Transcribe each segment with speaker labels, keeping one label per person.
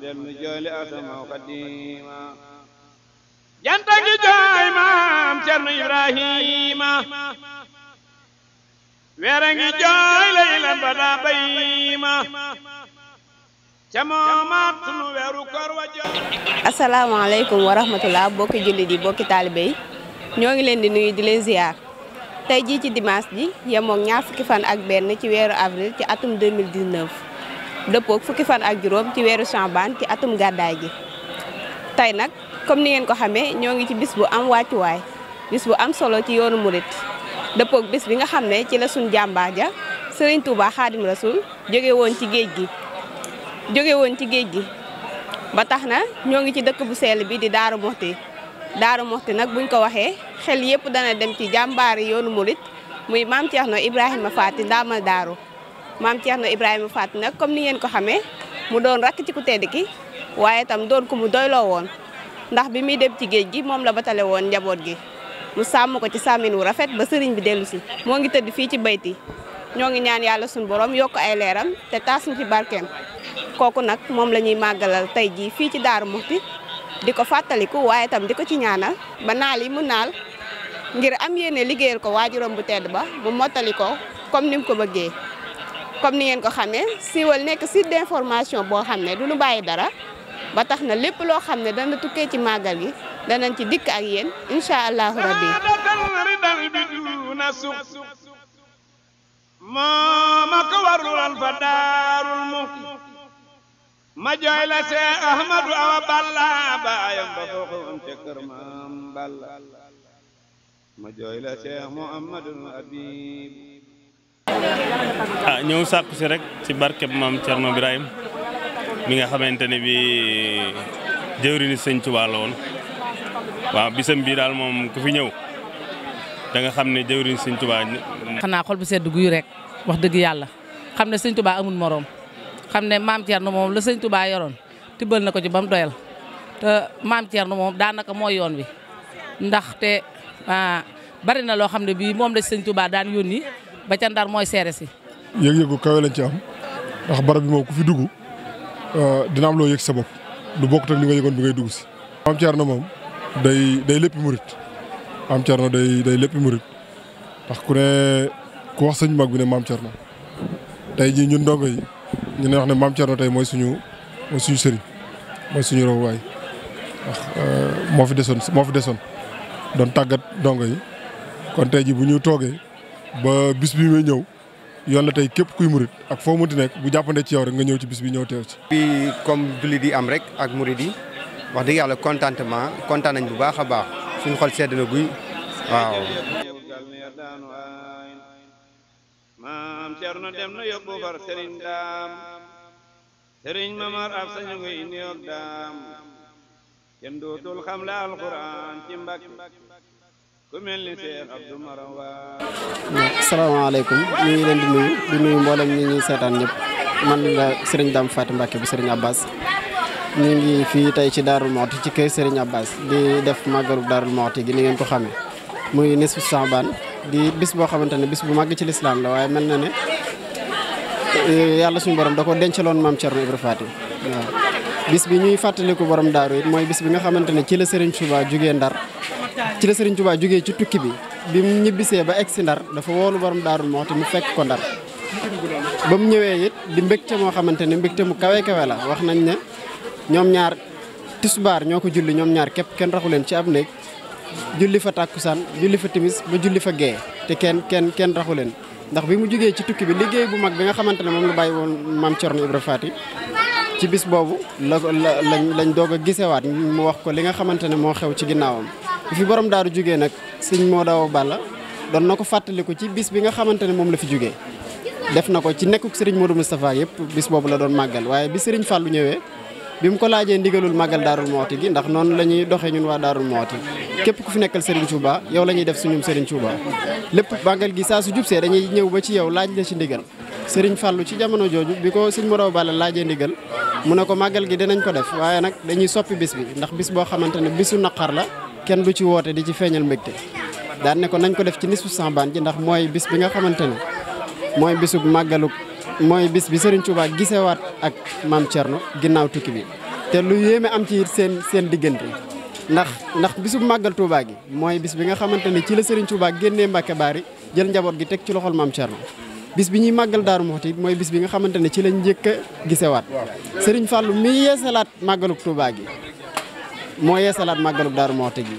Speaker 1: dem nu ngi jooy
Speaker 2: maam Cerno Ibrahima
Speaker 1: weere ngi jooy laylan ba daa bayima ca moomaat sunu weeru koor wa jooy
Speaker 2: asalaamaaleykum wa rahmatullah bokki jullit yi bokki taalibe yi ñoo ngi leen di nuyu di leen ziyaar tey jii ci dimaas ji yemook ñaar fukki fan ak benn ci weeru avril ci atum dëppoog fukki fan ak juróom ci weeru Sha'ban ci atum gàddaay gi tey nag comme ni ngeen ko xamee ñoo ngi ci bis bu am wàccuwaay bis bu am solo ci yoonu murit dëppook bis bi nga xam ne ci la suñ jàmbaar ja sëriñ Touba Xaadim Rasul jóge woon ci géej gi jóge woon ci géej gi ba tax na ñoo ngi ci dëkk bu sell bi di Daaru Moxti Daaru Moxti nag buñ ko waxee xel yépp dana dem ci jàmbaar yoonu murit muy maam Thierno Ibrahima Faty ndaamal daaru maam Thierno Ibrahima Faty nag comme ni ngeen ko xamee mu doon rakk ci ku tedd ki waaye itam doon ko mu doyloo woon ndax bi muy dem ci géej gi moom la batale woon njaboot gi mu sàmm ko ci sàmmin wu rafet ba sëriñ bi dellu si moo ngi tëdd fii ci bayti ñoo ngi ñaan yàlla suñu borom yokk ay leeram te taas ñu ci barkeem kooku nag moom la ñuy màggalal tey jii fii ci daar Daaru Muxti di ko fàttaliku waaye itam di ko ci ñaanal ba naal yi mu naal ngir am yéene liggéeyal ko waajuram bu tedd ba mu mottali ko comme ni ko bëggee comme ni ngeen ko xamee siiwal nekk site d'information boo xam ne du ñu bàyyi dara ba tax na lépp loo xam ne dana tukkee ci màggal gi danañ ci dikk ak yéen incha allahu rabbi ma jooy la see ahmadu awa balla baayam ba fooxoon ca kër maam balla
Speaker 1: ma jooy la see muhammadul abib
Speaker 2: ah ñëw sàkku si rek ci barkeb maam Thierno Birahim mi nga xamante ne bi jëwriñu sëñ Tuubaa la woon waaw bisa bii daal moom ku fi ñëw da nga xam ne jëwriñu sëñ Tuubaa.
Speaker 1: xanaa xol bu sedd guy rek wax dëgg yàlla xam ne sëñ Tuubaa amul moroom xam ne maam Thierno moom la sëñ Tuubaa yoroon tibbal na ko ci ba mu doyal te maam Thierno moom daanaka mooy yoon wi ndaxte ah, bari na loo xam ne bii moom la sëñ daan yónni. ba ca ndar mooy seere si. yëg-yëgu kawe lañ ci am ndax barab bi moo ku fi dugg euh, dina am loo yëg sa bopp lu bokkut ak li nga yëgoon bi ngay dugg si. Maam na moom day day lépp murit Maam Thierno day day lépp murit ndax ku ne ku wax sëñ mag bi ne Maam Thierno tey jii ñun ndongo yi ñu ne wax ne Maam Thierno tey mooy suñu mooy suñu mooy suñu robuwaay ndax euh, moo fi desoon moo fi desoon doon tàggat ndongo yi kon tey jii bu ñu toogee. ba bis bi may ñëw yoon la tey képp kuy murit ak foo munti nekk bu jàppande ci yow rek nga ñëw ci bis bi ñëw teew ci. bi comme jullit yi am rek ak murit yi wax dëgg yàlla contentement kontaan nañ bu baax a baax suñu xol sedd na guy na yóbbu far sëriñ mamar ab sañu ngi indi yoog daam kenn dootul xam la alquran ci mbàkk asalaamaaleykum ñu ngi leen di nuyu di nuyu mboolem ñi ñuy seetaan ñëpp man la sëriñ Dame Faty Mbacke bu sëriñ Abbas ñu ngi fii tey ci Darou Mouhty ci kër sëriñ Abbas di def màggalu Darou Mouhty gi ni ngeen ko xamee muy nisfu Saabaan di bis boo xamante ne bis bu màgg ci lislaam la waaye mel na ne eh, yàlla suñu borom da ko dencaloon maam Thierno Ibra bis bi ñuy fàttaliku borom daaru it mooy bis bi nga xamante ne ci la sëriñ Touba jugee Ndar ci la Sëriñ Tuubaa jógee ci tukki bi bi mu ñibbisee ba egg si ndar dafa woolu borom daarul moo te mu fekk ko ndar ba mu ñëwee it di mbégte moo xamante ne mbégte mu kawe kawe la wax nañ ne ñoom ñaar tisbaar ñoo ko julli ñoom ñaar képp kenn raxu leen ci ab néeg julli fa tàkkusaan julli fa timis ba julli fa gee te kenn kenn kenn raxu leen ndax bi mu jógee ci tukki bi liggéey bu mag bi nga xamante ne moom la bàyyi woon maam Cerno Ibra Faati ci bis boobu la lañ lañ doog a gisewaat mu wax ko li nga xamante ne moo xew ci ginnaawam fi borom daaru jógee nag sëñ moo daaw balla doon na ko fàttaliku ci bis bi nga xamante ne moom la fi jógee def na ko ci nekkuk sëriñ Modou Moustapha yëpp bis boobu la doon màggal waaye bi sëriñ Fallou ñëwee bi mu ko laajee ndigalul màggal daarul mooti gi ndax noon la ñuy doxee ñun waa daarul mooti képp ku fi nekkal Serigne Touba yow la ñuy def suñum Serigne Touba lépp màggal gi saa su jubsee dañuy ñëw ba ci yow laaj la ci ndigal Serigne fàllu ci jamono jooju bi ko sëñ Modaw Balla laajee ndigal mu ne ko màggal gi dinañ ko def waaye nag dañuy soppi bis bi ndax bis boo xamante ne bisu naqar la kenn du ci woote di ci feeñal mbégte daan ne ko nañ ko def ci nisu Sambaan ji ndax mooy bis bi nga xamante ne mooy bisub màggaluk mooy bis bi Serigne Touba gisewaat ak maam Thierno ginnaaw tukki bi. te lu yéeme am ci seen seen diggante ndax ndax bisub màggal Touba gi mooy bis bi nga xamante ne ci la Serigne Touba mbakke baa Baari jël njaboot gi teg ci loxol maam Thierno. bis bi ñuy màggal Daaru Muxti mooy bis bi nga xamante ne ci lañ njëkk a gisewaat Serigne Fallou mi yeesalaat màggaluk Touba gi. moo yeesalaat màggalub Daaru Muxti gi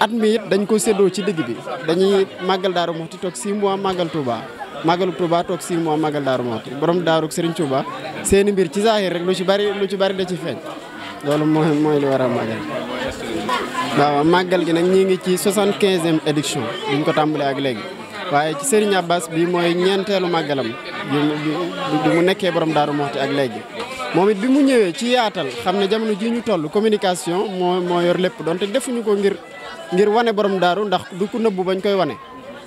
Speaker 1: at mi it dañ ko séddoo ci digg bi dañuy màggal Daaru Muxti toog 6 mois màggal tubaa màggalub Touba toog 6 mois màggal Daaru Muxti borom sëriñ Serigne Touba seeni mbir ci zahir rek lu ci bari lu ci bari da ci feeñ loolu mooy mooy li wara a màggal waaw màggal gi nag ñi ngi ci 75e édition buñ ko tàmbalee ak léegi waaye ci Serigne Abbas bi mooy ñeenteelu màggalam bi mu nekkee borom Daaru Muxti ak léegi moom it bi mu ñëwee ci yaatal xam na jamono ji ñu toll communication moo moo yor lépp donte defuñu ko ngir ngir wane borom daaru ndax du ku nëbbu bañ koy wane.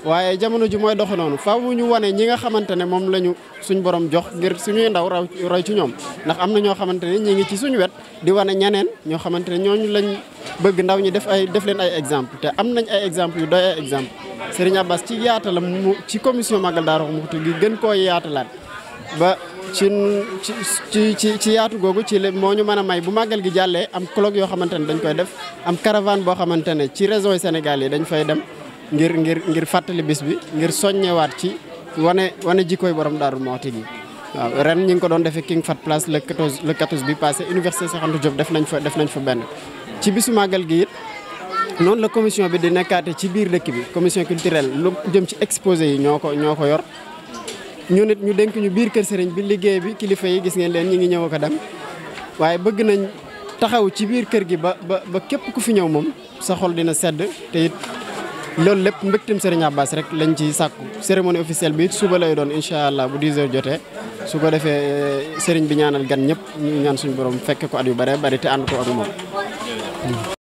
Speaker 1: waaye jamono ji mooy doxe noonu faaw ñu wane ñi nga xamante ne moom lañu suñ borom jox ngir suñuy ndaw raw roy ci ñoom ndax am na ñoo xamante ne ñi ngi ci suñu wet di wane ñeneen ñoo xamante ne ñooñu lañu bëgg ndaw ñi def ay def leen ay exemple te am nañ ay exemple yu doy ay exemple Serigne Abbas ci yaatalam mu ci commission Magal Daaru Muxti gi gën koo yaatalaat ci ci ci ci yaatu googu ci le moo ñu man a may bu màggal gi jàllee am colloque yoo xamante ne dañ koy def am caravane boo xamante ne ci régions yi Sénégal yi dañ fay dem ngir ngir ngir fàttali bis bi ngir soññewaat ci wane wane jikkooy borom Daaru Muxti gi waaw ren ñi ngi ko doon defee King Fat Place le 14 le 14 bi passé université Cheikh Anta def nañ fa def nañ fa benn ci bisu màggal gi it noonu la commission bi di nekkaate ci biir dëkk bi commission culturelle lu jëm ci exposé yi ñoo ko ñoo ko yor ñu nit ñu dénk ñu biir kër sëriñ bi liggéey bi kilifa yi gis ngeen leen ñi ngi ñëw ak a dem waaye bëgg nañ taxaw ci biir kër gi ba ba ba képp ku fi ñëw moom sa xol dina sedd te it loolu lépp mbégtim sëriñ Abbas rek lañ ci sàkku cérémonie officielle bi it suba lay doon incha allah bu 10 jotee su ko defee eh, sëriñ bi ñaanal gan ñëpp ñu ñaan suñu borom fekkee ko at yu bare bari te ànd ko
Speaker 2: moom.